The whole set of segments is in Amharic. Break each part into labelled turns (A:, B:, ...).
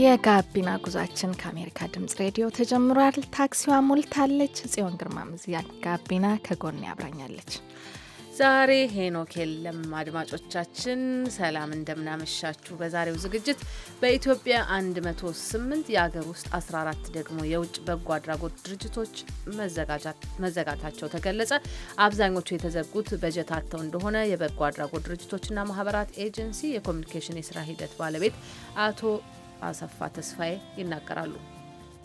A: የጋቢና ጉዟችን ከአሜሪካ ድምጽ ሬዲዮ ተጀምሯል። ታክሲዋ ሞልታለች። ጽዮን ግርማ ምዝያ ጋቢና ከጎን
B: ያብራኛለች። ዛሬ ሄኖክ የለም። አድማጮቻችን ሰላም እንደምናመሻችሁ። በዛሬው ዝግጅት በኢትዮጵያ 108 የአገር ውስጥ 14 ደግሞ የውጭ በጎ አድራጎት ድርጅቶች መዘጋታቸው ተገለጸ። አብዛኞቹ የተዘጉት በጀት አጥተው እንደሆነ የበጎ አድራጎት ድርጅቶችና ማህበራት ኤጀንሲ የኮሚኒኬሽን የስራ ሂደት ባለቤት አቶ አሰፋ ተስፋዬ ይናገራሉ።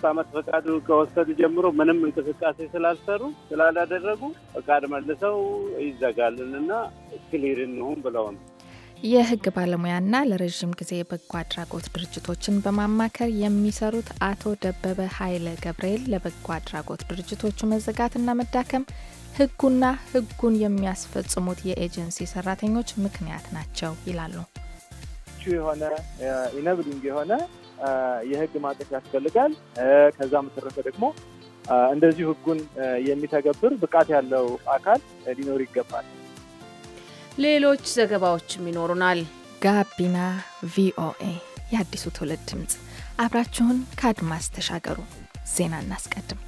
C: አመት ፈቃዱ ከወሰዱ ጀምሮ ምንም እንቅስቃሴ ስላልሰሩ ስላላደረጉ ፈቃድ መልሰው ይዘጋልንና ክሊር እንሁን ብለው ነው።
A: የህግ ባለሙያና ለረዥም ጊዜ በጎ አድራጎት ድርጅቶችን በማማከር የሚሰሩት አቶ ደበበ ኃይለ ገብርኤል ለበጎ አድራጎት ድርጅቶቹ መዘጋትና መዳከም ህጉና ህጉን የሚያስፈጽሙት የኤጀንሲ ሰራተኞች ምክንያት ናቸው ይላሉ።
D: የሆነ ኢነብሊንግ የሆነ የህግ ማጠፍ ያስፈልጋል። ከዛ መሰረተ ደግሞ እንደዚሁ ህጉን የሚተገብር ብቃት ያለው
B: አካል ሊኖር ይገባል። ሌሎች ዘገባዎችም ይኖሩናል።
A: ጋቢና ቪኦኤ የአዲሱ ትውልድ ድምፅ፣ አብራችሁን ከአድማስ ተሻገሩ።
B: ዜና እናስቀድም።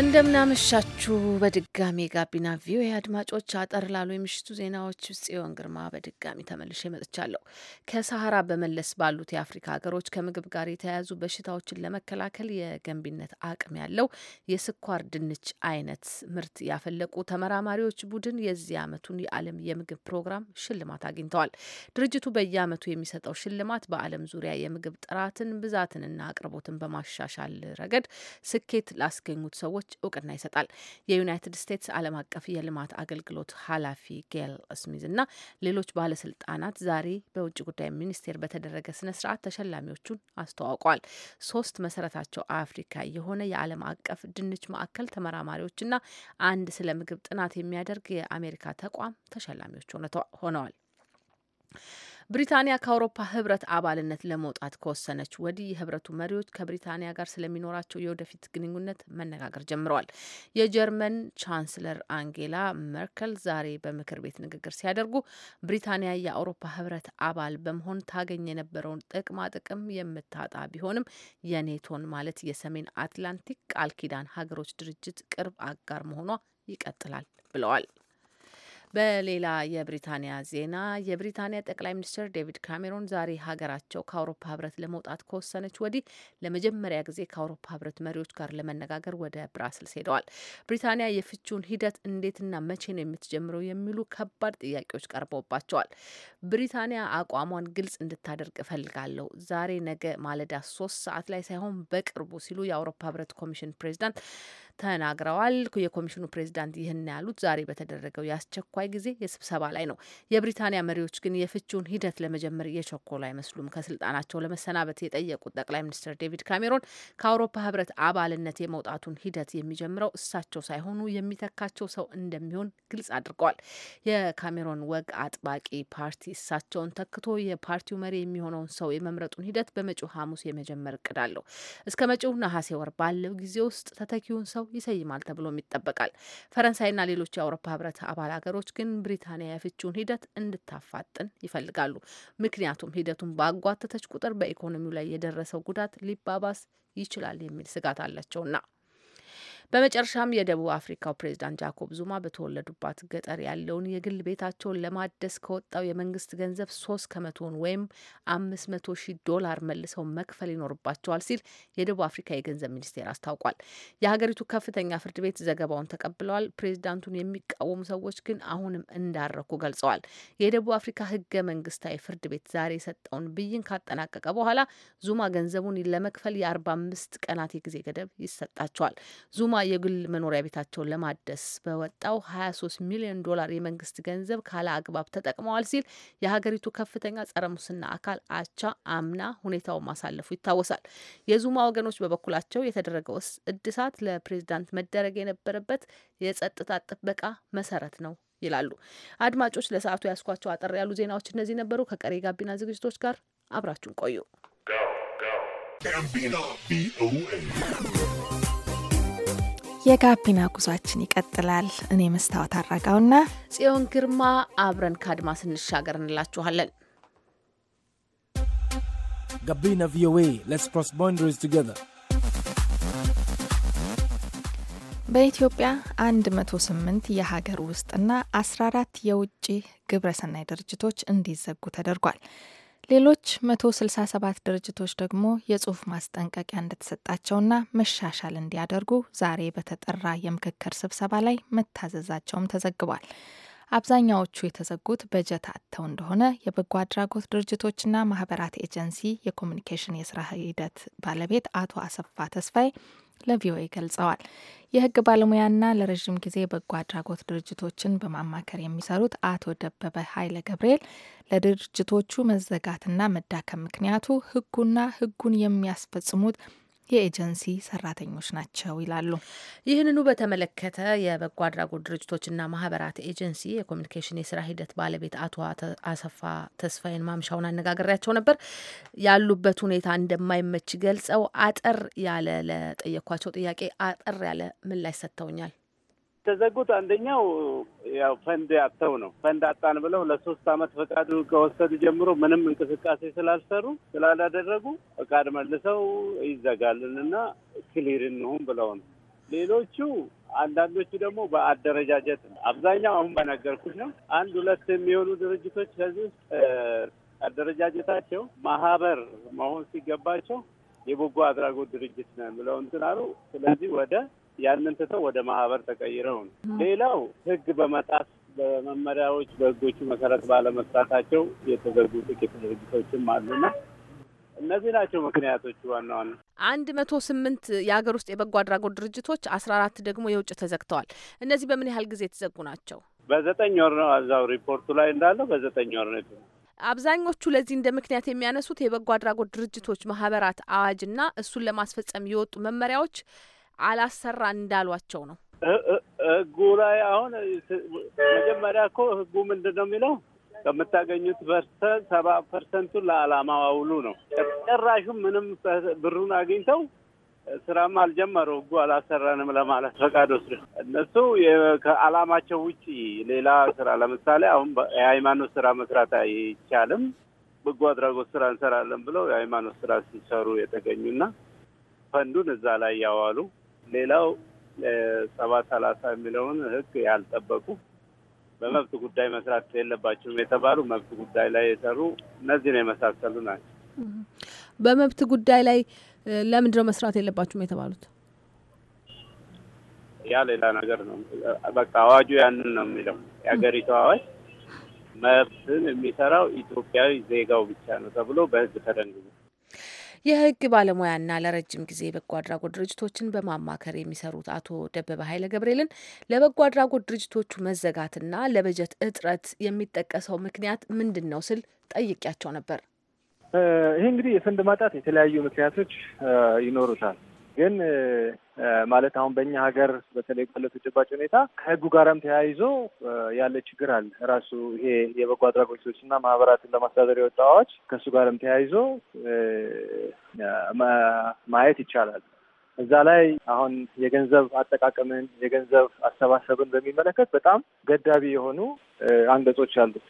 B: እንደምናመሻችሁ በድጋሚ ጋቢና ቪኦኤ አድማጮች፣ አጠር ላሉ የምሽቱ ዜናዎች ጽዮን ግርማ በድጋሚ ተመልሼ መጥቻለሁ። ከሰሐራ በመለስ ባሉት የአፍሪካ ሀገሮች ከምግብ ጋር የተያያዙ በሽታዎችን ለመከላከል የገንቢነት አቅም ያለው የስኳር ድንች አይነት ምርት ያፈለቁ ተመራማሪዎች ቡድን የዚህ ዓመቱን የዓለም የምግብ ፕሮግራም ሽልማት አግኝተዋል። ድርጅቱ በየዓመቱ የሚሰጠው ሽልማት በዓለም ዙሪያ የምግብ ጥራትን ብዛትንና አቅርቦትን በማሻሻል ረገድ ስኬት ላስገኙት ሰዎች ሰዎች እውቅና ይሰጣል። የዩናይትድ ስቴትስ ዓለም አቀፍ የልማት አገልግሎት ኃላፊ ጌል ስሚዝ እና ሌሎች ባለስልጣናት ዛሬ በውጭ ጉዳይ ሚኒስቴር በተደረገ ስነ ስርዓት ተሸላሚዎቹን አስተዋውቋል። ሶስት መሰረታቸው አፍሪካ የሆነ የዓለም አቀፍ ድንች ማዕከል ተመራማሪዎች ና አንድ ስለ ምግብ ጥናት የሚያደርግ የአሜሪካ ተቋም ተሸላሚዎች ሆነዋል። ብሪታንያ ከአውሮፓ ህብረት አባልነት ለመውጣት ከወሰነች ወዲህ የህብረቱ መሪዎች ከብሪታንያ ጋር ስለሚኖራቸው የወደፊት ግንኙነት መነጋገር ጀምረዋል። የጀርመን ቻንስለር አንጌላ መርከል ዛሬ በምክር ቤት ንግግር ሲያደርጉ ብሪታንያ የአውሮፓ ህብረት አባል በመሆን ታገኝ የነበረውን ጥቅማ ጥቅም የምታጣ ቢሆንም የኔቶን ማለት የሰሜን አትላንቲክ ቃል ኪዳን ሀገሮች ድርጅት ቅርብ አጋር መሆኗ ይቀጥላል ብለዋል። በሌላ የብሪታንያ ዜና የብሪታንያ ጠቅላይ ሚኒስትር ዴቪድ ካሜሮን ዛሬ ሀገራቸው ከአውሮፓ ህብረት ለመውጣት ከወሰነች ወዲህ ለመጀመሪያ ጊዜ ከአውሮፓ ህብረት መሪዎች ጋር ለመነጋገር ወደ ብራስልስ ሄደዋል። ብሪታንያ የፍቹን ሂደት እንዴትና መቼ ነው የምትጀምረው የሚሉ ከባድ ጥያቄዎች ቀርበውባቸዋል። ብሪታንያ አቋሟን ግልጽ እንድታደርግ እፈልጋለሁ፣ ዛሬ ነገ ማለዳ ሶስት ሰዓት ላይ ሳይሆን በቅርቡ ሲሉ የአውሮፓ ህብረት ኮሚሽን ፕሬዚዳንት ተናግረዋል። የኮሚሽኑ ፕሬዚዳንት ይህን ያሉት ዛሬ በተደረገው የአስቸኳይ ጊዜ የስብሰባ ላይ ነው። የብሪታንያ መሪዎች ግን የፍቺውን ሂደት ለመጀመር እየቸኮሉ አይመስሉም። ከስልጣናቸው ለመሰናበት የጠየቁት ጠቅላይ ሚኒስትር ዴቪድ ካሜሮን ከአውሮፓ ህብረት አባልነት የመውጣቱን ሂደት የሚጀምረው እሳቸው ሳይሆኑ የሚተካቸው ሰው እንደሚሆን ግልጽ አድርገዋል። የካሜሮን ወግ አጥባቂ ፓርቲ እሳቸውን ተክቶ የፓርቲው መሪ የሚሆነውን ሰው የመምረጡን ሂደት በመጪው ሐሙስ የመጀመር እቅድ አለው። እስከ መጪው ነሐሴ ወር ባለው ጊዜ ውስጥ ተተኪውን ሰው ይሰይማል ተብሎም ይጠበቃል። ፈረንሳይና ሌሎች የአውሮፓ ህብረት አባል ሀገሮች ግን ብሪታንያ የፍቺውን ሂደት እንድታፋጥን ይፈልጋሉ። ምክንያቱም ሂደቱን ባጓተተች ቁጥር በኢኮኖሚው ላይ የደረሰው ጉዳት ሊባባስ ይችላል የሚል ስጋት አላቸውና በመጨረሻም የደቡብ አፍሪካው ፕሬዚዳንት ጃኮብ ዙማ በተወለዱባት ገጠር ያለውን የግል ቤታቸውን ለማደስ ከወጣው የመንግስት ገንዘብ ሶስት ከመቶውን ወይም አምስት መቶ ሺ ዶላር መልሰው መክፈል ይኖርባቸዋል ሲል የደቡብ አፍሪካ የገንዘብ ሚኒስቴር አስታውቋል። የሀገሪቱ ከፍተኛ ፍርድ ቤት ዘገባውን ተቀብለዋል። ፕሬዚዳንቱን የሚቃወሙ ሰዎች ግን አሁንም እንዳረኩ ገልጸዋል። የደቡብ አፍሪካ ህገ መንግስታዊ ፍርድ ቤት ዛሬ የሰጠውን ብይን ካጠናቀቀ በኋላ ዙማ ገንዘቡን ለመክፈል የአርባ አምስት ቀናት የጊዜ ገደብ ይሰጣቸዋል ዙማ የግል መኖሪያ ቤታቸውን ለማደስ በወጣው 23 ሚሊዮን ዶላር የመንግስት ገንዘብ ካለ አግባብ ተጠቅመዋል ሲል የሀገሪቱ ከፍተኛ ጸረ ሙስና አካል አቻ አምና ሁኔታው ማሳለፉ ይታወሳል። የዙማ ወገኖች በበኩላቸው የተደረገው እድሳት ለፕሬዚዳንት መደረግ የነበረበት የጸጥታ ጥበቃ መሰረት ነው ይላሉ። አድማጮች ለሰዓቱ ያስኳቸው አጠር ያሉ ዜናዎች እነዚህ ነበሩ። ከቀሪ ጋቢና ዝግጅቶች ጋር አብራችሁን ቆዩ።
A: የጋቢና ጉዟችን ይቀጥላል። እኔ መስታወት አራጋውና
B: ጽዮን ግርማ አብረን ከአድማስ እንሻገር እንላችኋለን።
A: ጋቢና ቪኦኤ ሌትስ ክሮስ ቦንደሪስ ቱጌዘር። በኢትዮጵያ 108 የሀገር ውስጥና 14 የውጭ ግብረሰናይ ድርጅቶች እንዲዘጉ ተደርጓል። ሌሎች 167 ድርጅቶች ደግሞ የጽሁፍ ማስጠንቀቂያ እንደተሰጣቸውና መሻሻል እንዲያደርጉ ዛሬ በተጠራ የምክክር ስብሰባ ላይ መታዘዛቸውም ተዘግቧል። አብዛኛዎቹ የተዘጉት በጀት አጥተው እንደሆነ የበጎ አድራጎት ድርጅቶችና ማህበራት ኤጀንሲ የኮሚኒኬሽን የስራ ሂደት ባለቤት አቶ አሰፋ ተስፋዬ ለቪኦኤ ገልጸዋል። የህግ ባለሙያና ለረዥም ጊዜ በጎ አድራጎት ድርጅቶችን በማማከር የሚሰሩት አቶ ደበበ ኃይለ ገብርኤል ለድርጅቶቹ መዘጋትና መዳከም ምክንያቱ ህጉና ህጉን የሚያስፈጽሙት የኤጀንሲ
B: ሰራተኞች ናቸው ይላሉ። ይህንኑ በተመለከተ የበጎ አድራጎት ድርጅቶችና ማህበራት ኤጀንሲ የኮሚኒኬሽን የስራ ሂደት ባለቤት አቶ አሰፋ ተስፋዬን ማምሻውን አነጋገሪያቸው ነበር። ያሉበት ሁኔታ እንደማይመች ገልጸው አጠር ያለ ለጠየኳቸው ጥያቄ አጠር ያለ ምላሽ ሰጥተውኛል።
C: የተዘጉት አንደኛው ያው ፈንድ ያተው ነው። ፈንድ አጣን ብለው ለሶስት አመት ፈቃዱ ከወሰዱ ጀምሮ ምንም እንቅስቃሴ ስላልሰሩ ስላላደረጉ ፈቃድ መልሰው ይዘጋልን ክሊር እንሁን ብለው ነው። ሌሎቹ አንዳንዶቹ ደግሞ በአደረጃጀት ነው። አብዛኛው አሁን በነገርኩት ነው። አንድ ሁለት የሚሆኑ ድርጅቶች ከዚህ ውስጥ አደረጃጀታቸው ማህበር መሆን ሲገባቸው የበጎ አድራጎት ድርጅት ነን ብለው እንትን አሉ። ስለዚህ ወደ ያንን ትተው ወደ ማህበር ተቀይረው ነው። ሌላው ህግ በመጣስ በመመሪያዎች በህጎቹ መሰረት ባለመስራታቸው የተዘጉ ጥቂት ድርጅቶችም አሉና እነዚህ ናቸው ምክንያቶቹ ዋና ዋና።
B: አንድ መቶ ስምንት የሀገር ውስጥ የበጎ አድራጎት ድርጅቶች አስራ አራት ደግሞ የውጭ ተዘግተዋል። እነዚህ በምን ያህል ጊዜ የተዘጉ ናቸው?
C: በዘጠኝ ወር ነው። እዛው ሪፖርቱ ላይ እንዳለው በዘጠኝ ወር ነው።
B: አብዛኞቹ ለዚህ እንደ ምክንያት የሚያነሱት የበጎ አድራጎት ድርጅቶች ማህበራት አዋጅና እሱን ለማስፈጸም የወጡ መመሪያዎች አላሰራ እንዳሏቸው ነው።
C: ህጉ ላይ አሁን መጀመሪያ እኮ ህጉ ምንድን ነው የሚለው ከምታገኙት ፐርሰንት ሰባ ፐርሰንቱን ለአላማ አውሉ ነው። ጨራሹም ምንም ብሩን አግኝተው ስራም አልጀመሩ ህጉ አላሰራንም ለማለት ፈቃድ ወስደ እነሱ ከአላማቸው ውጭ ሌላ ስራ ለምሳሌ አሁን የሃይማኖት ስራ መስራት አይቻልም፣ በጎ አድራጎት ስራ እንሰራለን ብለው የሃይማኖት ስራ ሲሰሩ የተገኙና ፈንዱን እዛ ላይ ያዋሉ ሌላው ሰባት ሰላሳ የሚለውን ህግ ያልጠበቁ በመብት ጉዳይ መስራት የለባቸውም የተባሉ መብት ጉዳይ ላይ የሰሩ እነዚህ ነው የመሳሰሉ ናቸው።
B: በመብት ጉዳይ ላይ ለምንድነው ነው መስራት የለባቸውም የተባሉት?
C: ያ ሌላ ነገር ነው። በቃ አዋጁ ያንን ነው የሚለው የሀገሪቱ አዋጅ መብትን የሚሰራው ኢትዮጵያዊ ዜጋው ብቻ ነው ተብሎ በህግ ተደንግጓል።
B: የህግ ባለሙያና ለረጅም ጊዜ የበጎ አድራጎት ድርጅቶችን በማማከር የሚሰሩት አቶ ደበበ ኃይለ ገብርኤልን ለበጎ አድራጎት ድርጅቶቹ መዘጋትና ለበጀት እጥረት የሚጠቀሰው ምክንያት ምንድን ነው ስል ጠይቂያቸው ነበር።
D: ይሄ እንግዲህ የፈንድ ማጣት የተለያዩ ምክንያቶች ይኖሩታል። ግን ማለት አሁን በእኛ ሀገር በተለይ ባለው ተጨባጭ ሁኔታ ከህጉ ጋርም ተያይዞ ያለ ችግር አለ። ራሱ ይሄ የበጎ አድራጎት እና ማህበራትን ለማስተዳደር የወጣ አዋጅ ከእሱ ጋርም ተያይዞ ማየት ይቻላል። እዛ ላይ አሁን የገንዘብ አጠቃቀምን የገንዘብ አሰባሰብን በሚመለከት በጣም ገዳቢ የሆኑ አንቀጾች አሉት።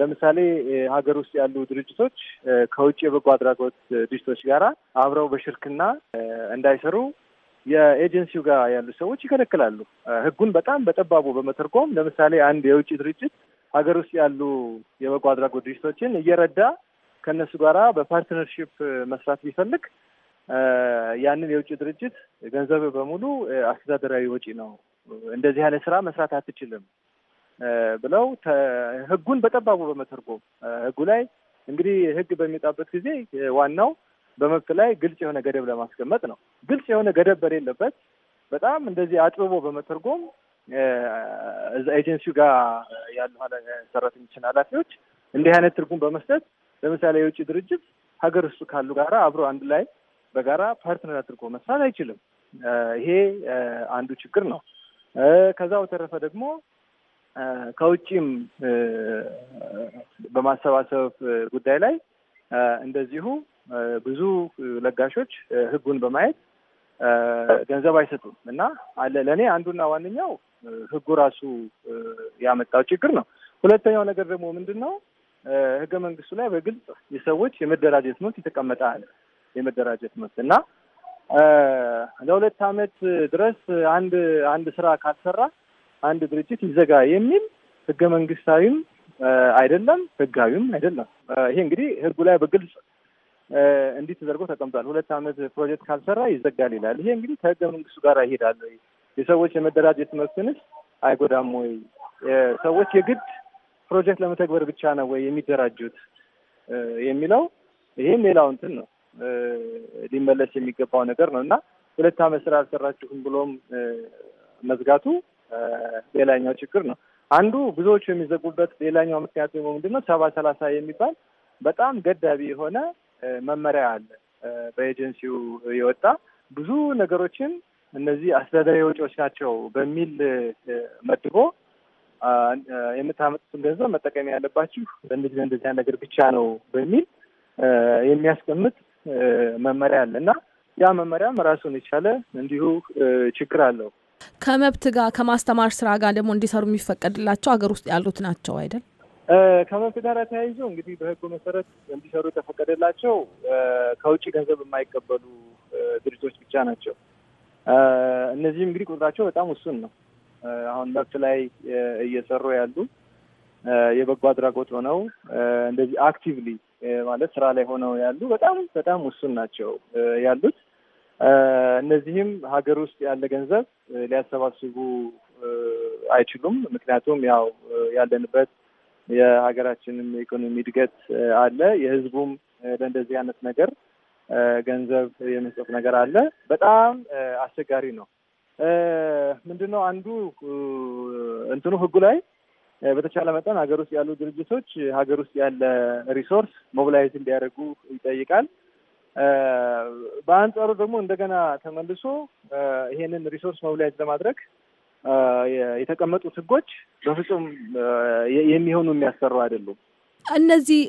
D: ለምሳሌ ሀገር ውስጥ ያሉ ድርጅቶች ከውጭ የበጎ አድራጎት ድርጅቶች ጋር አብረው በሽርክና እንዳይሰሩ የኤጀንሲው ጋር ያሉ ሰዎች ይከለክላሉ። ህጉን በጣም በጠባቡ በመተርጎም ለምሳሌ አንድ የውጭ ድርጅት ሀገር ውስጥ ያሉ የበጎ አድራጎት ድርጅቶችን እየረዳ ከእነሱ ጋራ በፓርትነርሽፕ መስራት ቢፈልግ ያንን የውጭ ድርጅት ገንዘብ በሙሉ አስተዳደራዊ ወጪ ነው፣ እንደዚህ አይነት ስራ መስራት አትችልም ብለው ህጉን በጠባቡ በመተርጎም ህጉ ላይ እንግዲህ ህግ በሚወጣበት ጊዜ ዋናው በመብት ላይ ግልጽ የሆነ ገደብ ለማስቀመጥ ነው። ግልጽ የሆነ ገደብ በሌለበት በጣም እንደዚህ አጥብቦ በመተርጎም እዛ ኤጀንሲው ጋር ያሉ ሰራተኞችን ኃላፊዎች እንዲህ አይነት ትርጉም በመስጠት ለምሳሌ የውጭ ድርጅት ሀገር ውስጥ ካሉ ጋር አብሮ አንድ ላይ በጋራ ፓርትነር አድርጎ መስራት አይችልም። ይሄ አንዱ ችግር ነው። ከዛ በተረፈ ደግሞ ከውጭም በማሰባሰብ ጉዳይ ላይ እንደዚሁ ብዙ ለጋሾች ህጉን በማየት ገንዘብ አይሰጡም እና አለ ለእኔ አንዱና ዋነኛው ህጉ ራሱ ያመጣው ችግር ነው። ሁለተኛው ነገር ደግሞ ምንድን ነው? ህገ መንግስቱ ላይ በግልጽ የሰዎች የመደራጀት መብት የተቀመጠ አለ። የመደራጀት መብት እና ለሁለት አመት ድረስ አንድ አንድ ስራ ካልሰራ አንድ ድርጅት ይዘጋ የሚል ህገ መንግስታዊም አይደለም፣ ህጋዊም አይደለም። ይሄ እንግዲህ ህጉ ላይ በግልጽ እንዲህ ተደርጎ ተቀምጧል። ሁለት ዓመት ፕሮጀክት ካልሰራ ይዘጋል ይላል። ይሄ እንግዲህ ከህገ መንግስቱ ጋር ይሄዳል። የሰዎች የመደራጀት መብትንስ አይጎዳም ወይ? ሰዎች የግድ ፕሮጀክት ለመተግበር ብቻ ነው ወይ የሚደራጁት የሚለው ይህም ሌላው እንትን ነው ሊመለስ የሚገባው ነገር ነው እና ሁለት ዓመት ስራ አልሰራችሁም ብሎም መዝጋቱ ሌላኛው ችግር ነው። አንዱ ብዙዎቹ የሚዘጉበት ሌላኛው ምክንያት ደግሞ ምንድን ነው? ሰባ ሰላሳ የሚባል በጣም ገዳቢ የሆነ መመሪያ አለ በኤጀንሲው የወጣ ብዙ ነገሮችን እነዚህ አስተዳደራዊ ወጪዎች ናቸው በሚል መድቦ የምታመጡትን ገንዘብ መጠቀም ያለባችሁ በእንግዲህ እንደዚያ ነገር ብቻ ነው በሚል የሚያስቀምጥ መመሪያ አለ እና ያ መመሪያም ራሱን የቻለ እንዲሁ ችግር አለው።
B: ከመብት ጋር ከማስተማር ስራ ጋር ደግሞ እንዲሰሩ የሚፈቀድላቸው ሀገር ውስጥ ያሉት ናቸው አይደል?
D: ከመብት ጋር ተያይዞ እንግዲህ በህጉ መሰረት እንዲሰሩ የተፈቀደላቸው ከውጭ ገንዘብ የማይቀበሉ ድርጅቶች ብቻ ናቸው። እነዚህም እንግዲህ ቁጥራቸው በጣም ውሱን ነው። አሁን መብት ላይ እየሰሩ ያሉ የበጎ አድራጎት ሆነው እንደዚህ አክቲቭሊ ማለት ስራ ላይ ሆነው ያሉ በጣም በጣም ውሱን ናቸው ያሉት። እነዚህም ሀገር ውስጥ ያለ ገንዘብ ሊያሰባስቡ አይችሉም። ምክንያቱም ያው ያለንበት የሀገራችንም የኢኮኖሚ እድገት አለ። የህዝቡም ለእንደዚህ አይነት ነገር ገንዘብ የመስጠት ነገር አለ። በጣም አስቸጋሪ ነው። ምንድን ነው አንዱ እንትኑ ህጉ ላይ በተቻለ መጠን ሀገር ውስጥ ያሉ ድርጅቶች ሀገር ውስጥ ያለ ሪሶርስ ሞቢላይዝ እንዲያደርጉ ይጠይቃል። በአንጻሩ ደግሞ እንደገና ተመልሶ ይሄንን ሪሶርስ ሞቢላይዝ ለማድረግ የተቀመጡት ህጎች በፍጹም የሚሆኑ የሚያሰሩ አይደሉም።
B: እነዚህ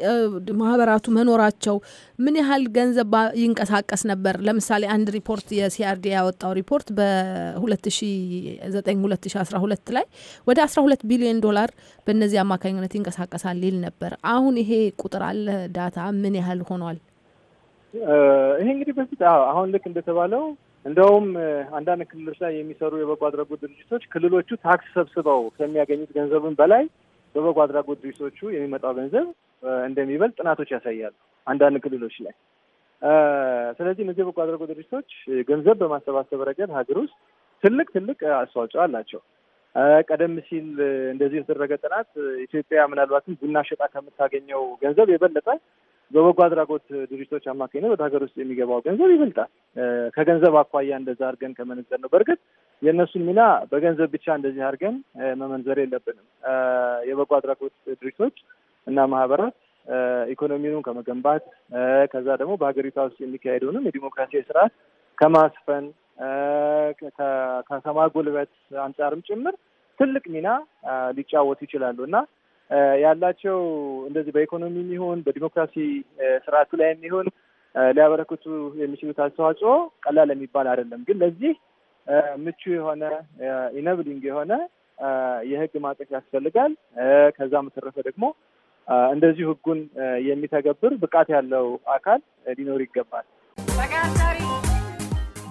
B: ማህበራቱ መኖራቸው ምን ያህል ገንዘብ ይንቀሳቀስ ነበር? ለምሳሌ አንድ ሪፖርት የሲአርዲ ያወጣው ሪፖርት በ2009 2012 ላይ ወደ 12 ቢሊዮን ዶላር በእነዚህ አማካኝነት ይንቀሳቀሳል ይል ነበር። አሁን ይሄ ቁጥር አለ ዳታ ምን ያህል ሆኗል?
D: ይሄ እንግዲህ በፊት አሁን ልክ እንደተባለው እንደውም አንዳንድ ክልሎች ላይ የሚሰሩ የበጎ አድራጎት ድርጅቶች ክልሎቹ ታክስ ሰብስበው ከሚያገኙት ገንዘብን በላይ በበጎ አድራጎት ድርጅቶቹ የሚመጣው ገንዘብ እንደሚበልጥ ጥናቶች ያሳያሉ አንዳንድ ክልሎች ላይ። ስለዚህ እነዚህ የበጎ አድራጎት ድርጅቶች ገንዘብ በማሰባሰብ ረገድ ሀገር ውስጥ ትልቅ ትልቅ አስተዋጽኦ አላቸው። ቀደም ሲል እንደዚህ የተደረገ ጥናት ኢትዮጵያ ምናልባትም ቡና ሸጣ ከምታገኘው ገንዘብ የበለጠ በበጎ አድራጎት ድርጅቶች አማካኝነት ወደ ሀገር ውስጥ የሚገባው ገንዘብ ይበልጣል። ከገንዘብ አኳያ እንደዛ አድርገን ከመነዘር ነው። በእርግጥ የእነሱን ሚና በገንዘብ ብቻ እንደዚህ አድርገን መመንዘር የለብንም። የበጎ አድራጎት ድርጅቶች እና ማህበራት ኢኮኖሚውን ከመገንባት ከዛ ደግሞ በሀገሪቷ ውስጥ የሚካሄደውንም የዲሞክራሲያዊ ስርዓት ከማስፈን ከማጎልበት አንጻርም ጭምር ትልቅ ሚና ሊጫወቱ ይችላሉ እና ያላቸው እንደዚህ በኢኮኖሚ የሚሆን በዲሞክራሲ ስርዓቱ ላይ የሚሆን ሊያበረክቱ የሚችሉት አስተዋጽኦ ቀላል የሚባል አይደለም። ግን ለዚህ ምቹ የሆነ ኢነብሊንግ የሆነ የህግ ማዕቀፍ ያስፈልጋል። ከዛ በተረፈ ደግሞ እንደዚሁ ህጉን የሚተገብር ብቃት ያለው አካል ሊኖር ይገባል።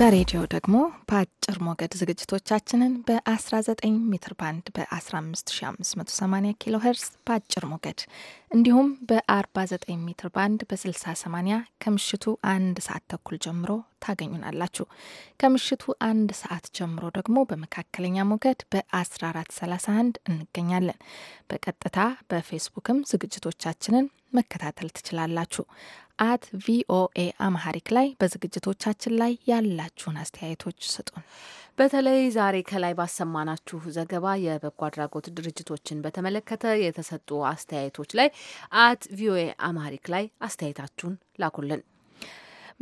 A: በሬዲዮ ደግሞ በአጭር ሞገድ ዝግጅቶቻችንን በ19 ሜትር ባንድ በ15580 ኪሎ ሄርስ በአጭር ሞገድ እንዲሁም በ49 ሜትር ባንድ በ6080 ከምሽቱ አንድ ሰዓት ተኩል ጀምሮ ታገኙናላችሁ። ከምሽቱ አንድ ሰዓት ጀምሮ ደግሞ በመካከለኛ ሞገድ በ1431 እንገኛለን። በቀጥታ በፌስቡክም ዝግጅቶቻችንን መከታተል ትችላላችሁ። አት ቪኦኤ አምሃሪክ ላይ በዝግጅቶቻችን ላይ ያላችሁን
B: አስተያየቶች ስጡን። በተለይ ዛሬ ከላይ ባሰማናችሁ ዘገባ የበጎ አድራጎት ድርጅቶችን በተመለከተ የተሰጡ አስተያየቶች ላይ አት ቪኦኤ አምሃሪክ ላይ አስተያየታችሁን ላኩልን።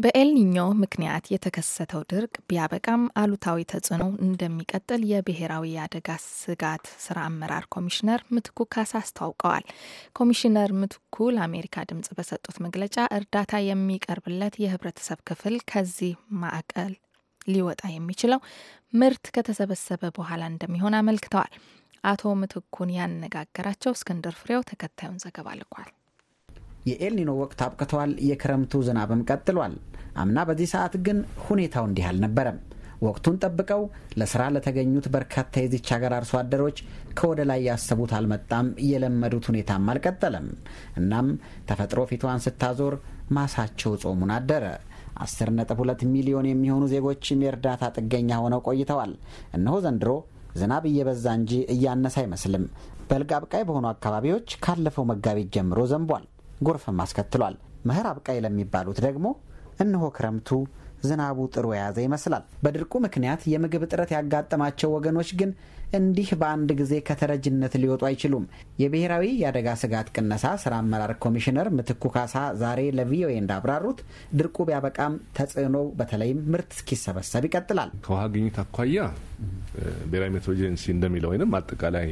A: በኤልኒኞ ምክንያት የተከሰተው ድርቅ ቢያበቃም አሉታዊ ተጽዕኖ እንደሚቀጥል የብሔራዊ የአደጋ ስጋት ስራ አመራር ኮሚሽነር ምትኩ ካሳ አስታውቀዋል። ኮሚሽነር ምትኩ ለአሜሪካ ድምጽ በሰጡት መግለጫ እርዳታ የሚቀርብለት የህብረተሰብ ክፍል ከዚህ ማዕቀል ሊወጣ የሚችለው ምርት ከተሰበሰበ በኋላ እንደሚሆን አመልክተዋል። አቶ ምትኩን ያነጋገራቸው እስክንድር ፍሬው ተከታዩን ዘገባ ልኳል።
E: የኤልኒኖ ወቅት አብቅተዋል። የክረምቱ ዝናብም ቀጥሏል። አምና በዚህ ሰዓት ግን ሁኔታው እንዲህ አልነበረም። ወቅቱን ጠብቀው ለስራ ለተገኙት በርካታ የዚች ሀገር አርሶ አደሮች ከወደ ላይ ያሰቡት አልመጣም፣ የለመዱት ሁኔታም አልቀጠለም። እናም ተፈጥሮ ፊቷን ስታዞር ማሳቸው ጾሙን አደረ። 10.2 ሚሊዮን የሚሆኑ ዜጎችም የእርዳታ ጥገኛ ሆነው ቆይተዋል። እነሆ ዘንድሮ ዝናብ እየበዛ እንጂ እያነሰ አይመስልም። በልግ አብቃይ በሆኑ አካባቢዎች ካለፈው መጋቢት ጀምሮ ዘንቧል። ጎርፍም አስከትሏል። ምህራብ ቀይ ለሚባሉት ደግሞ እነሆ ክረምቱ ዝናቡ ጥሩ የያዘ ይመስላል። በድርቁ ምክንያት የምግብ እጥረት ያጋጠማቸው ወገኖች ግን እንዲህ በአንድ ጊዜ ከተረጅነት ሊወጡ አይችሉም። የብሔራዊ የአደጋ ስጋት ቅነሳ ስራ አመራር ኮሚሽነር ምትኩ ካሳ ዛሬ ለቪኦኤ እንዳብራሩት ድርቁ ቢያበቃም ተጽዕኖ በተለይም ምርት እስኪሰበሰብ ይቀጥላል።
F: ከውሃ ግኝት አኳያ ብሔራዊ ሜትሮሎጂ ኤጀንሲ እንደሚለው ወይም አጠቃላይ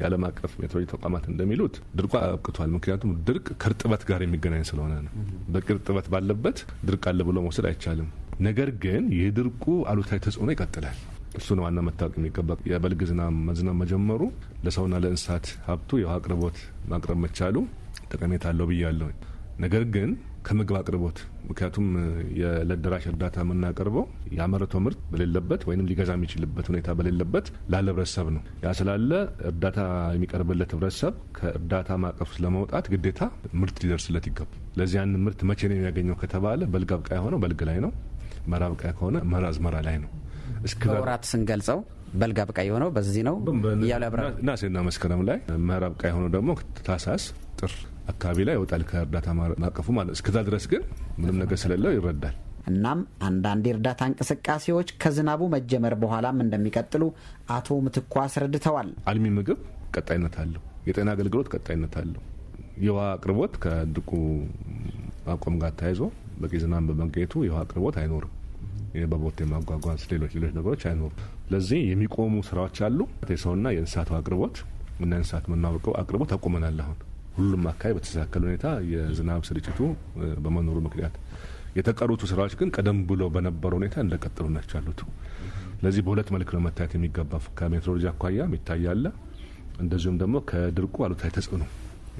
F: የዓለም አቀፍ ሜትሮሎጂ ተቋማት እንደሚሉት ድርቁ አብቅቷል። ምክንያቱም ድርቅ ከእርጥበት ጋር የሚገናኝ ስለሆነ ነው። በቂ እርጥበት ባለበት ድርቅ አለ ብሎ መውሰድ አይቻልም። ነገር ግን የድርቁ አሉታዊ ተጽዕኖ ይቀጥላል። እሱ ነው ዋና መታወቅ የሚገባ። የበልግ ዝናብ መዝናብ መጀመሩ ለሰውና ለእንስሳት ሀብቱ የውሃ አቅርቦት ማቅረብ መቻሉ ጠቀሜታ አለው ብያለሁ። ነገር ግን ከምግብ አቅርቦት ምክንያቱም ለደራሽ እርዳታ የምናቀርበው ያመረተው ምርት በሌለበት ወይም ሊገዛ የሚችልበት ሁኔታ በሌለበት ላለ ህብረተሰብ ነው። ያ ስላለ እርዳታ የሚቀርብለት ህብረተሰብ ከእርዳታ ማዕቀፍ ለመውጣት ግዴታ ምርት ሊደርስለት ይገባል። ለዚህ ያን ምርት መቼ ነው የሚያገኘው ከተባለ በልግ አብቃያ የሆነው በልግ ላይ ነው። መራ ከሆነ መራዝመራ ላይ ነው። በወራት ስንገልጸው በልጋ ብቃ የሆነው በዚህ ነው እያሉ መስከረም ላይ ምዕራብ ብቃ የሆነው ደግሞ ታሳስ ጥር አካባቢ ላይ ይወጣል ከእርዳታ
E: ማቀፉ ማለት እስከዛ ድረስ ግን ምንም ነገር ስለሌለው ይረዳል። እናም አንዳንድ የእርዳታ እንቅስቃሴዎች ከዝናቡ መጀመር በኋላም እንደሚቀጥሉ አቶ ምትኳ አስረድተዋል። አልሚ ምግብ ቀጣይነት አለው። የጤና አገልግሎት ቀጣይነት አለው። የውሃ አቅርቦት ከድርቁ
F: አቋም ጋር ተያይዞ በቂ ዝናብ በመገኘቱ የውሃ አቅርቦት አይኖርም። የበቦት የማጓጓዝ ሌሎች ሌሎች ነገሮች አይኖሩም። ለዚህ የሚቆሙ ስራዎች አሉ። የሰውና የእንስሳቱ አቅርቦት እና እንስሳት መናወቀው አቅርቦት አቁመናል። አሁን ሁሉም አካባቢ በተስተካከለ ሁኔታ የዝናብ ስርጭቱ በመኖሩ ምክንያት የተቀሩቱ ስራዎች ግን ቀደም ብሎ በነበረ ሁኔታ እንደቀጠሉ ናቸው ያሉት። ለዚህ በሁለት መልክ ነው መታየት የሚገባ ከሜትሮሎጂ አኳያም ይታያለ፣ እንደዚሁም ደግሞ ከድርቁ አሉታዊ ተጽዕኖ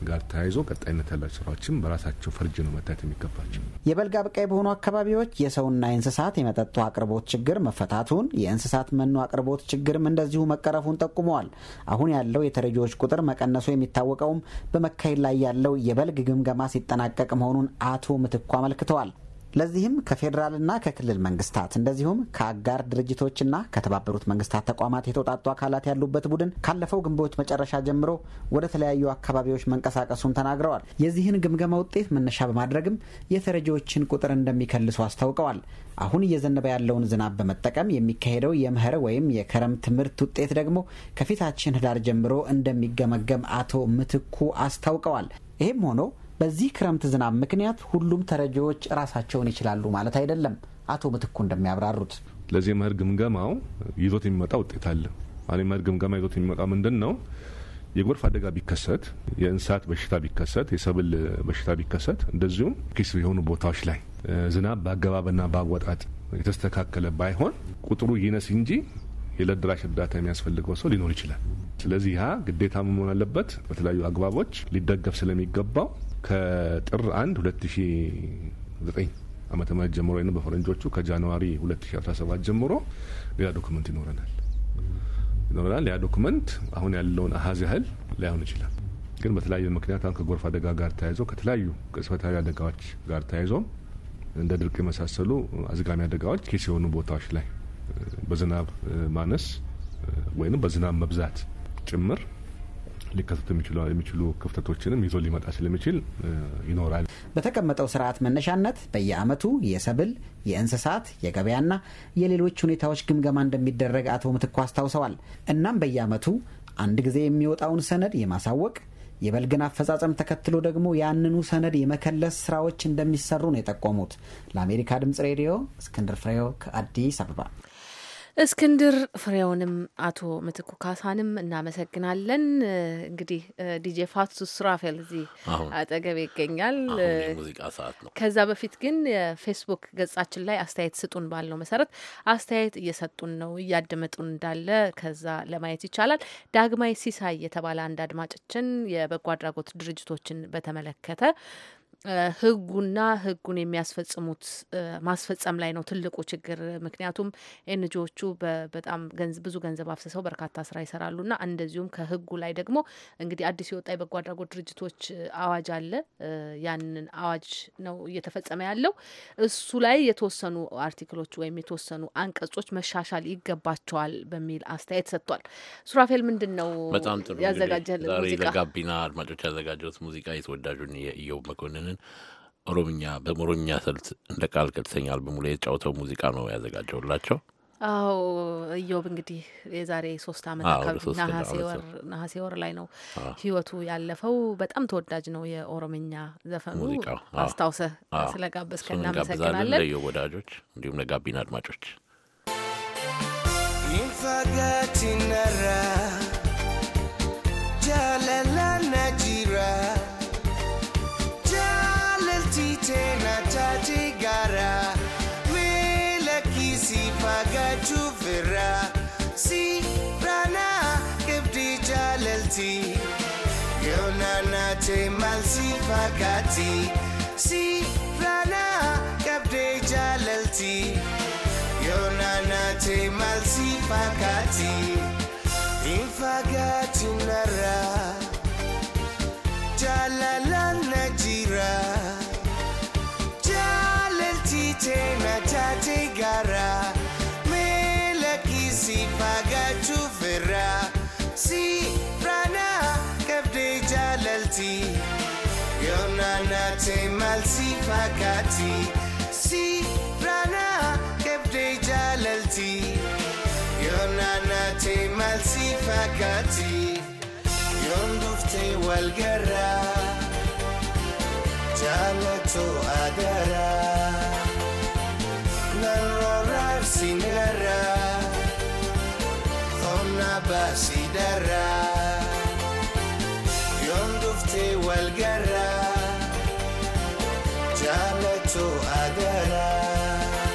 F: ጋር ተያይዞ ቀጣይነት ያላቸው ስራዎችም በራሳቸው ፈርጅ ነው መታየት የሚገባቸው።
E: የበልግ አብቃይ በሆኑ አካባቢዎች የሰውና የእንስሳት የመጠጡ አቅርቦት ችግር መፈታቱን፣ የእንስሳት መኖ አቅርቦት ችግርም እንደዚሁ መቀረፉን ጠቁመዋል። አሁን ያለው የተረጂዎች ቁጥር መቀነሱ የሚታወቀውም በመካሄድ ላይ ያለው የበልግ ግምገማ ሲጠናቀቅ መሆኑን አቶ ምትኩ አመልክተዋል። ለዚህም ከፌዴራልና ከክልል መንግስታት እንደዚሁም ከአጋር ድርጅቶችና ከተባበሩት መንግስታት ተቋማት የተውጣጡ አካላት ያሉበት ቡድን ካለፈው ግንቦት መጨረሻ ጀምሮ ወደ ተለያዩ አካባቢዎች መንቀሳቀሱን ተናግረዋል። የዚህን ግምገማ ውጤት መነሻ በማድረግም የተረጂዎችን ቁጥር እንደሚከልሱ አስታውቀዋል። አሁን እየዘነበ ያለውን ዝናብ በመጠቀም የሚካሄደው የምህር ወይም የከረምት ምርት ውጤት ደግሞ ከፊታችን ህዳር ጀምሮ እንደሚገመገም አቶ ምትኩ አስታውቀዋል። ይህም ሆኖ በዚህ ክረምት ዝናብ ምክንያት ሁሉም ተረጂዎች ራሳቸውን ይችላሉ ማለት አይደለም። አቶ ምትኩ እንደሚያብራሩት
F: ለዚህ የመኸር ግምገማው ይዞት የሚመጣ ውጤት አለ። አሁን የመኸር ግምገማ ይዞት የሚመጣ ምንድን ነው? የጎርፍ አደጋ ቢከሰት፣ የእንስሳት በሽታ ቢከሰት፣ የሰብል በሽታ ቢከሰት፣ እንደዚሁም ኪስ የሆኑ ቦታዎች ላይ ዝናብ በአገባብና በአወጣጥ የተስተካከለ ባይሆን ቁጥሩ ይነስ እንጂ የለድራሽ እርዳታ የሚያስፈልገው ሰው ሊኖር ይችላል። ስለዚህ ያ ግዴታ መሆን አለበት። በተለያዩ አግባቦች ሊደገፍ ስለሚገባው ከጥር 1 2009 ዓመተ ምህረት ጀምሮ ወይም በፈረንጆቹ ከጃንዋሪ 2017 ጀምሮ ሌላ ዶክመንት ይኖረናል ይኖረናል። ያ ዶክመንት አሁን ያለውን አሀዝ ያህል ላይሆን ይችላል። ግን በተለያየ ምክንያት አሁን ከጎርፍ አደጋ ጋር ተያይዞ ከተለያዩ ቅጽበታዊ አደጋዎች ጋር ተያይዞ እንደ ድርቅ የመሳሰሉ አዝጋሚ አደጋዎች ኬስ የሆኑ ቦታዎች ላይ በዝናብ ማነስ ወይም በዝናብ መብዛት ጭምር
E: ሊከሰቱ የሚችሉ ክፍተቶችንም ይዞ ሊመጣ ስለሚችል ይኖራል። በተቀመጠው ስርዓት መነሻነት በየአመቱ የሰብል የእንስሳት የገበያና የሌሎች ሁኔታዎች ግምገማ እንደሚደረግ አቶ ምትኩ አስታውሰዋል። እናም በየዓመቱ አንድ ጊዜ የሚወጣውን ሰነድ የማሳወቅ የበልግን አፈጻጸም ተከትሎ ደግሞ ያንኑ ሰነድ የመከለስ ስራዎች እንደሚሰሩ ነው የጠቆሙት። ለአሜሪካ ድምጽ ሬዲዮ እስክንድር ፍሬው ከአዲስ አበባ
B: እስክንድር ፍሬውንም አቶ ምትኩ ካሳንም እናመሰግናለን። እንግዲህ ዲጄ ፋቱ ሱራፌል እዚህ አጠገብ ይገኛል። ሙዚቃ ሰዓት ነው። ከዛ በፊት ግን የፌስቡክ ገጻችን ላይ አስተያየት ስጡን ባለው መሰረት አስተያየት እየሰጡን ነው፣ እያደመጡን እንዳለ ከዛ ለማየት ይቻላል። ዳግማይ ሲሳይ የተባለ አንድ አድማጫችን የበጎ አድራጎት ድርጅቶችን በተመለከተ ህጉና ህጉን የሚያስፈጽሙት ማስፈጸም ላይ ነው ትልቁ ችግር። ምክንያቱም ኤንጂዎቹ በጣም ብዙ ገንዘብ አፍስሰው በርካታ ስራ ይሰራሉና እንደዚሁም ከህጉ ላይ ደግሞ እንግዲህ አዲስ የወጣ የበጎ አድራጎት ድርጅቶች አዋጅ አለ። ያንን አዋጅ ነው እየተፈጸመ ያለው። እሱ ላይ የተወሰኑ አርቲክሎች ወይም የተወሰኑ አንቀጾች መሻሻል ይገባቸዋል በሚል አስተያየት ሰጥቷል። ሱራፌል ምንድን ነው ያዘጋጀልን ሙዚቃ?
C: ለጋቢና አድማጮች ያዘጋጀሁት ሙዚቃ የተወዳጁን የኢዮብ መኮንን ያንን ኦሮምኛ በሞሮኛ ስልት እንደ ቃል ገልተኛል በሙሉ የተጫወተው ሙዚቃ ነው ያዘጋጀውላቸው።
B: አዎ እዮብ እንግዲህ የዛሬ ሶስት አመት አካባቢ ነሐሴ ወር ላይ ነው ህይወቱ ያለፈው። በጣም ተወዳጅ ነው የኦሮምኛ ዘፈኑ።
G: አስታውሰህ ስለጋበዝከን እናመሰግናለን። ለዮ
C: ወዳጆች እንዲሁም ለጋቢና አድማጮች
G: ይነራ wakati yonana malsi sifakati si flana kabde jalalti yonana cemal sifakati infakati nara malsii fakkaatii siranaa eebdee jaalaltii yoon naannatee malsii fakkaatii yoon duftee walgarraa jaalatoo agaraa nalooraa sinaraa humna baasidaraa yoon duftee walgarraa. jaalachuu agaraa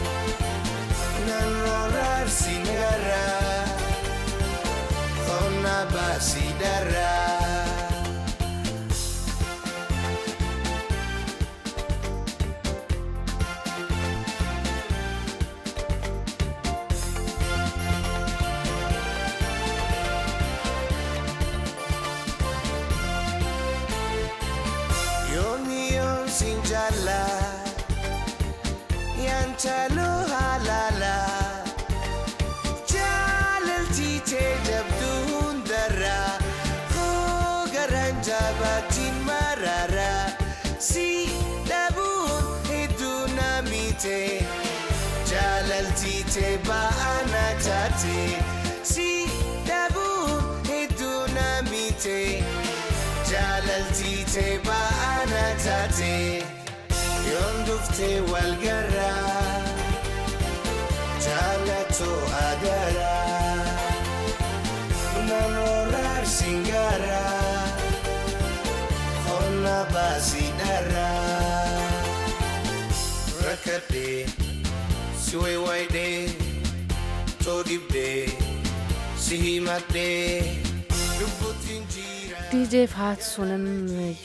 G: nan rooraarsi garaa onnaa baasii daraa. Duftee baana taatee yoon duftee wal garaa jaalatoo agaraa naannoo arsiin garaa holla baasii dharaa rakkadhee si wayiwaayidhee too dhibdee si
B: ዲጄ ፋትሱንም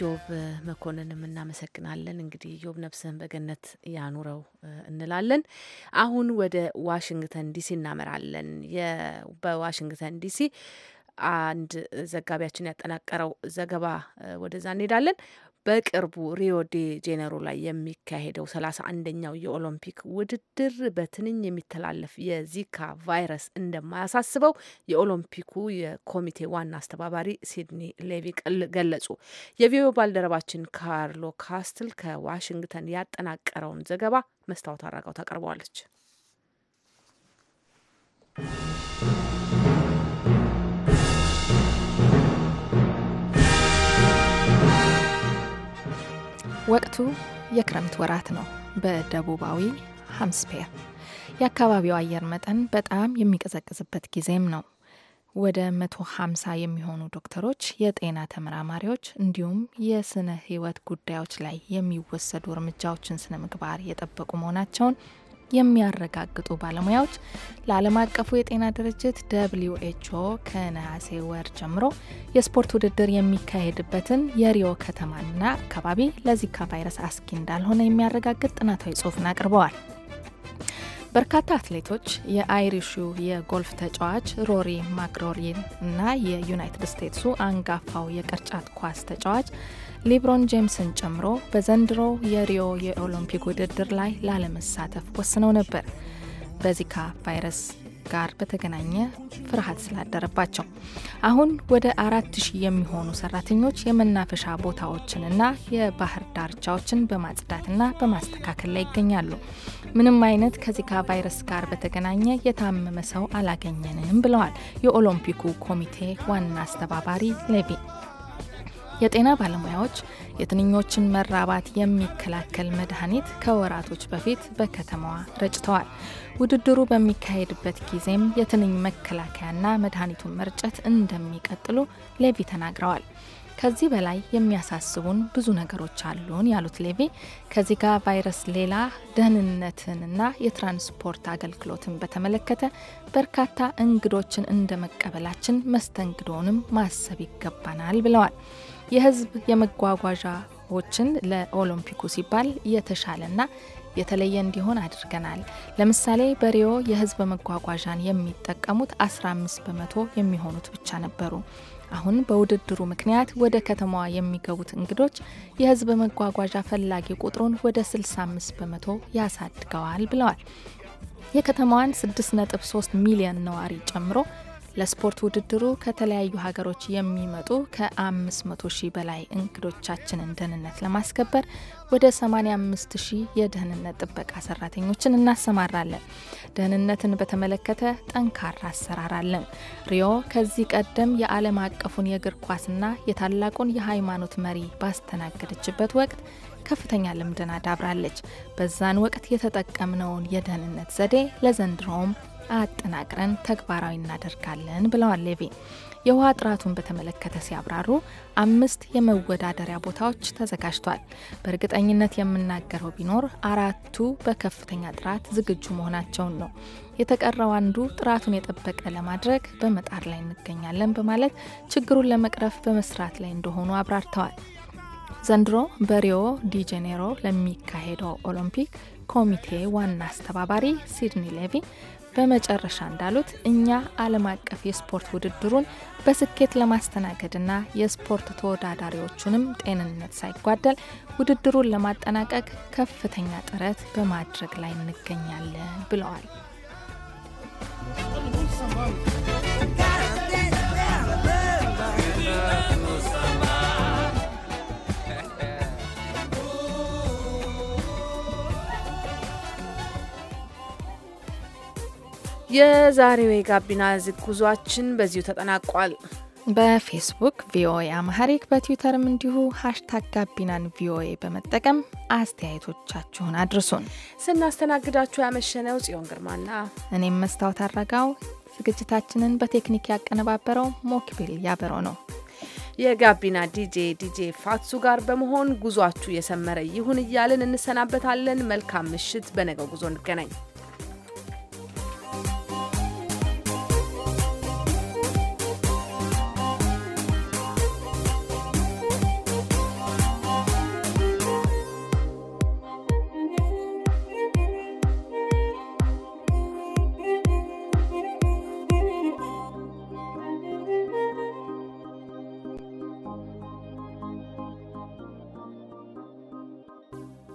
B: ዮብ መኮንንም እናመሰግናለን። እንግዲህ ዮብ ነፍስህን በገነት ያኑረው እንላለን። አሁን ወደ ዋሽንግተን ዲሲ እናመራለን። በዋሽንግተን ዲሲ አንድ ዘጋቢያችን ያጠናቀረው ዘገባ ወደዛ እንሄዳለን። በቅርቡ ሪዮ ዴ ጄኔሮ ላይ የሚካሄደው ሰላሳ አንደኛው የኦሎምፒክ ውድድር በትንኝ የሚተላለፍ የዚካ ቫይረስ እንደማያሳስበው የኦሎምፒኩ የኮሚቴ ዋና አስተባባሪ ሲድኒ ሌቪ ገለጹ። የቪዮ ባልደረባችን ካርሎ ካስትል ከዋሽንግተን ያጠናቀረውን ዘገባ መስታወት አድራጋው ታቀርበዋለች።
A: ወቅቱ የክረምት ወራት ነው በደቡባዊ ሀምስፔር። የአካባቢው አየር መጠን በጣም የሚቀዘቅዝበት ጊዜም ነው። ወደ 150 የሚሆኑ ዶክተሮች፣ የጤና ተመራማሪዎች እንዲሁም የስነ ህይወት ጉዳዮች ላይ የሚወሰዱ እርምጃዎችን ስነ ምግባር የጠበቁ መሆናቸውን የሚያረጋግጡ ባለሙያዎች ለዓለም አቀፉ የጤና ድርጅት ደብሊው ኤችኦ ከነሐሴ ወር ጀምሮ የስፖርት ውድድር የሚካሄድበትን የሪዮ ከተማና አካባቢ ለዚካ ቫይረስ አስጊ እንዳልሆነ የሚያረጋግጥ ጥናታዊ ጽሑፍን አቅርበዋል። በርካታ አትሌቶች የአይሪሹ የጎልፍ ተጫዋች ሮሪ ማክሮሪን እና የዩናይትድ ስቴትሱ አንጋፋው የቅርጫት ኳስ ተጫዋች ሊብሮን ጄምስን ጨምሮ በዘንድሮ የሪዮ የኦሎምፒክ ውድድር ላይ ላለመሳተፍ ወስነው ነበር በዚካ ቫይረስ ጋር በተገናኘ ፍርሃት ስላደረባቸው አሁን ወደ አራት ሺህ የሚሆኑ ሰራተኞች የመናፈሻ ቦታዎችንና የባህር ዳርቻዎችን በማጽዳትና በማስተካከል ላይ ይገኛሉ። ምንም አይነት ከዚካ ቫይረስ ጋር በተገናኘ የታመመ ሰው አላገኘንም ብለዋል የኦሎምፒኩ ኮሚቴ ዋና አስተባባሪ ሌቪ የጤና ባለሙያዎች የትንኞችን መራባት የሚከላከል መድኃኒት ከወራቶች በፊት በከተማዋ ረጭተዋል። ውድድሩ በሚካሄድበት ጊዜም የትንኝ መከላከያና መድኃኒቱን መርጨት እንደሚቀጥሉ ሌቪ ተናግረዋል። ከዚህ በላይ የሚያሳስቡን ብዙ ነገሮች አሉን ያሉት ሌቪ ከዚጋ ቫይረስ ሌላ ደህንነትንና የትራንስፖርት አገልግሎትን በተመለከተ በርካታ እንግዶችን እንደ መቀበላችን መስተንግዶንም ማሰብ ይገባናል ብለዋል። የህዝብ የመጓጓዣዎችን ለኦሎምፒኩ ሲባል የተሻለና የተለየ እንዲሆን አድርገናል። ለምሳሌ በሪዮ የህዝብ መጓጓዣን የሚጠቀሙት 15 በመቶ የሚሆኑት ብቻ ነበሩ። አሁን በውድድሩ ምክንያት ወደ ከተማዋ የሚገቡት እንግዶች የህዝብ መጓጓዣ ፈላጊ ቁጥሩን ወደ 65 በመቶ ያሳድገዋል ብለዋል። የከተማዋን 6.3 ሚሊዮን ነዋሪ ጨምሮ ለስፖርት ውድድሩ ከተለያዩ ሀገሮች የሚመጡ ከ500 ሺህ በላይ እንግዶቻችንን ደህንነት ለማስከበር ወደ 85 ሺህ የደህንነት ጥበቃ ሰራተኞችን እናሰማራለን። ደህንነትን በተመለከተ ጠንካራ አሰራር አለን። ሪዮ ከዚህ ቀደም የዓለም አቀፉን የእግር ኳስና የታላቁን የሃይማኖት መሪ ባስተናገደችበት ወቅት ከፍተኛ ልምድን አዳብራለች። በዛን ወቅት የተጠቀምነውን የደህንነት ዘዴ ለዘንድሮውም አጠናቅረን ተግባራዊ እናደርጋለን ብለዋል ሌቪ። የውሃ ጥራቱን በተመለከተ ሲያብራሩ አምስት የመወዳደሪያ ቦታዎች ተዘጋጅቷል። በእርግጠኝነት የምናገረው ቢኖር አራቱ በከፍተኛ ጥራት ዝግጁ መሆናቸውን ነው። የተቀረው አንዱ ጥራቱን የጠበቀ ለማድረግ በመጣር ላይ እንገኛለን በማለት ችግሩን ለመቅረፍ በመስራት ላይ እንደሆኑ አብራርተዋል። ዘንድሮ በሪዮ ዲጄኔሮ ለሚካሄደው ኦሎምፒክ ኮሚቴ ዋና አስተባባሪ ሲድኒ ሌቪ በመጨረሻ እንዳሉት እኛ ዓለም አቀፍ የስፖርት ውድድሩን በስኬት ለማስተናገድና የስፖርት ተወዳዳሪዎቹንም ጤንነት ሳይጓደል ውድድሩን ለማጠናቀቅ ከፍተኛ ጥረት በማድረግ ላይ እንገኛለን ብለዋል።
B: የዛሬው የጋቢና ዝግ ጉዟችን በዚሁ ተጠናቋል። በፌስቡክ
A: ቪኦኤ አማሐሪክ በትዊተርም እንዲሁ ሀሽታግ ጋቢናን ቪኦኤ በመጠቀም አስተያየቶቻችሁን አድርሱን።
B: ስናስተናግዳችሁ ያመሸነው ጽዮን ግርማና
A: እኔም መስታወት አረጋው፣ ዝግጅታችንን በቴክኒክ ያቀነባበረው ሞክቤል ያበረው ነው።
B: የጋቢና ዲጄ ዲጄ ፋትሱ ጋር በመሆን ጉዟችሁ የሰመረ ይሁን እያልን እንሰናበታለን። መልካም ምሽት። በነገው ጉዞ እንገናኝ።